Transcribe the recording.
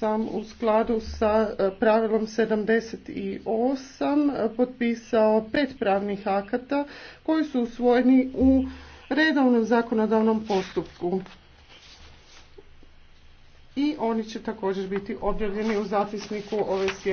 sam u skladu sa e, pravilom 78 e, potpisao pet pravnih akata koji su usvojeni u redovnom zakonodavnom postupku. I oni će također biti objavljeni u zapisniku ove